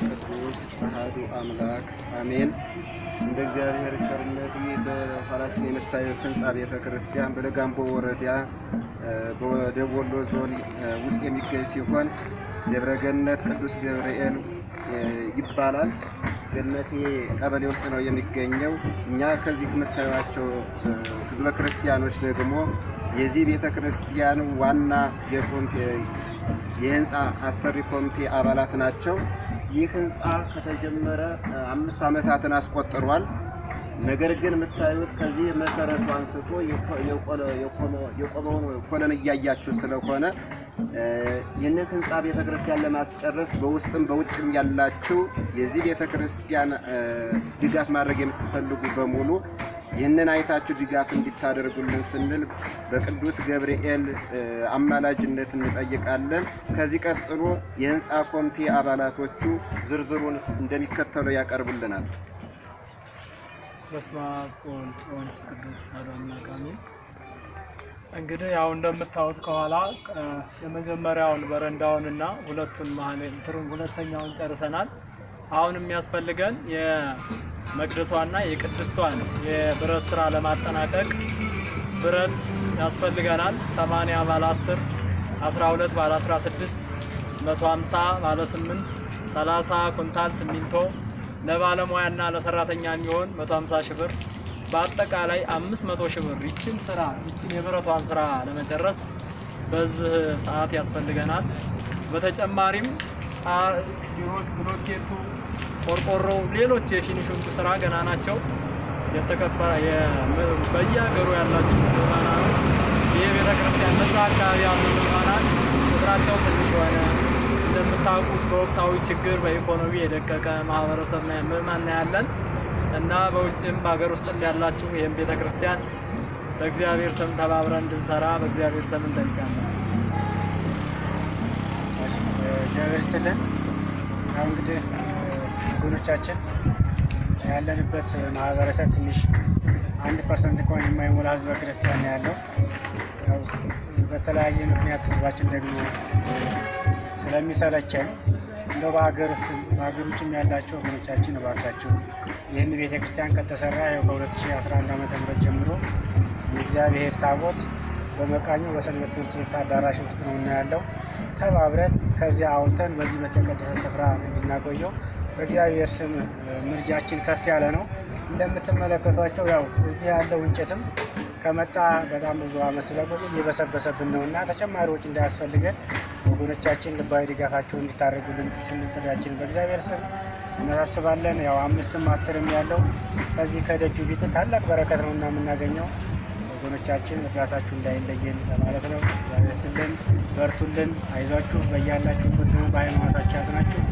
መንፈስ ቅዱስ አምላክ አሜን። እንደ እግዚአብሔር ቸርነት በኋላችን የምታዩት ህንፃ ቤተ ክርስቲያን በለጋምቦ ወረዳ በደቡብ ወሎ ዞን ውስጥ የሚገኝ ሲሆን ደብረገነት ቅዱስ ገብርኤል ይባላል። ገነቴ ቀበሌ ውስጥ ነው የሚገኘው። እኛ ከዚህ ከምታዩቸው ህዝበ ክርስቲያኖች ደግሞ የዚህ ቤተ ክርስቲያን ዋና የህንፃ አሰሪ ኮሚቴ አባላት ናቸው። ይህ ህንፃ ከተጀመረ አምስት ዓመታትን አስቆጥሯል። ነገር ግን የምታዩት ከዚህ መሰረቱ አንስቶ የቆመውን ኮለን እያያችሁ ስለሆነ ይህንን ህንፃ ቤተክርስቲያን ለማስጨረስ በውስጥም በውጭም ያላችሁ የዚህ ቤተክርስቲያን ድጋፍ ማድረግ የምትፈልጉ በሙሉ ይህንን አይታችሁ ድጋፍ እንዲታደርጉልን ስንል በቅዱስ ገብርኤል አማላጅነት እንጠይቃለን። ከዚህ ቀጥሎ የህንፃ ኮሚቴ አባላቶቹ ዝርዝሩን እንደሚከተለው ያቀርቡልናል። በስመ አብ ወወልድ ወመንፈስ ቅዱስ አሐዱ አምላክ አሜን። እንግዲህ ያው እንደምታዩት ከኋላ የመጀመሪያውን እና ሁለቱን ሁለተኛውን ጨርሰናል። አሁን የሚያስፈልገን የመቅደሷና የቅድስቷን የብረት ስራ ለማጠናቀቅ ብረት ያስፈልገናል። 80 ባለ 10፣ 12 ባለ 16፣ 150 ባለ 8፣ 30 ኩንታል ሲሚንቶ ለባለሙያና ለሰራተኛ የሚሆን 150 ሺህ ብር በአጠቃላይ 500 ሺህ ብር። ይችን ስራ ይችን የብረቷን ስራ ለመጨረስ በዚህ ሰዓት ያስፈልገናል። በተጨማሪም ብሎኬቱ ቆርቆሮ፣ ሌሎች የፊኒሽንግ ስራ ገና ናቸው። የተከበረ በየሀገሩ ያላችሁ ምዕመናኖች ይህ ቤተክርስቲያን በዛ አካባቢ ያሉ ምዕመናን ቁጥራቸው ትንሽ ሆነ። እንደምታውቁት በወቅታዊ ችግር በኢኮኖሚ የደቀቀ ማህበረሰብ ምዕመና ያለን እና በውጭም በሀገር ውስጥ ያላችሁ ይህም ቤተክርስቲያን በእግዚአብሔር ስም ተባብረን እንድንሰራ በእግዚአብሔር ስም እንጠይቃለን። እግዚአብሔር ስትልን እንግዲህ ወገኖቻችን ያለንበት ማህበረሰብ ትንሽ አንድ ፐርሰንት እንኳን የማይሞላ ህዝበ ክርስቲያን ያለው በተለያየ ምክንያት ህዝባችን ደግሞ ስለሚሰለቸን እንደ በሀገር ውስጥ በሀገር ውጭም ያላቸው ወገኖቻችን እባካቸው ይህን ቤተ ክርስቲያን ከተሰራ ያው ከ2011 ዓ ም ጀምሮ የእግዚአብሔር ታቦት በመቃኙ በሰንበት ትምህርት ቤት አዳራሽ ውስጥ ነው እና ያለው ተባብረን ከዚያ አውጥተን በዚህ በተቀደሰ ስፍራ እንድናቆየው በእግዚአብሔር ስም ምርጃችን ከፍ ያለ ነው። እንደምትመለከቷቸው ያው እዚህ ያለው እንጨትም ከመጣ በጣም ብዙ ዓመት ስለቆየ እየበሰበሰብን ነው እና ተጨማሪዎች እንዳያስፈልገን ወገኖቻችን ልባዊ ድጋፋቸው እንዲታደርጉልን ስንል ጥሪያችን በእግዚአብሔር ስም እናሳስባለን። ያው አምስትም አስርም ያለው ከዚህ ከደጁ ቢት ታላቅ በረከት ነው እና የምናገኘው ወገኖቻችን እርዳታችሁ እንዳይለየን ለማለት ነው። እግዚአብሔር ይስጥልን፣ በርቱልን፣ አይዟችሁ፣ በያላችሁ ሁሉ በሃይማኖታችሁ ያዝናችሁ።